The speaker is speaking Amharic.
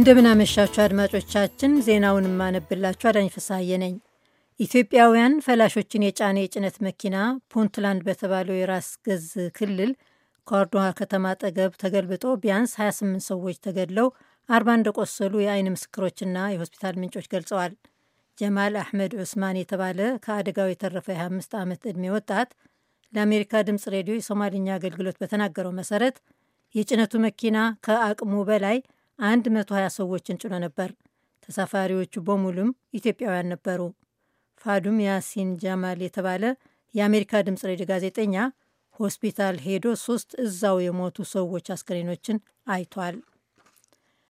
እንደምን አድማጮቻችን። ዜናውን የማነብላችሁ አዳኝ ፈሳየ ነኝ። ኢትዮጵያውያን ፈላሾችን የጫነ የጭነት መኪና ፑንትላንድ በተባለው የራስ ገዝ ክልል ከዋርዶሃ ከተማ አጠገብ ተገልብጦ ቢያንስ 28 ሰዎች ተገድለው አርባ እንደቆሰሉ የአይን ምስክሮችና የሆስፒታል ምንጮች ገልጸዋል። ጀማል አሕመድ ዑስማን የተባለ ከአደጋው የተረፈ የ25 ዓመት ዕድሜ ወጣት ለአሜሪካ ድምፅ ሬዲዮ የሶማሊኛ አገልግሎት በተናገረው መሰረት የጭነቱ መኪና ከአቅሙ በላይ 120 ሰዎችን ጭኖ ነበር። ተሳፋሪዎቹ በሙሉም ኢትዮጵያውያን ነበሩ። ፋዱም ያሲን ጃማል የተባለ የአሜሪካ ድምፅ ሬዲዮ ጋዜጠኛ ሆስፒታል ሄዶ ሶስት እዛው የሞቱ ሰዎች አስክሬኖችን አይቷል።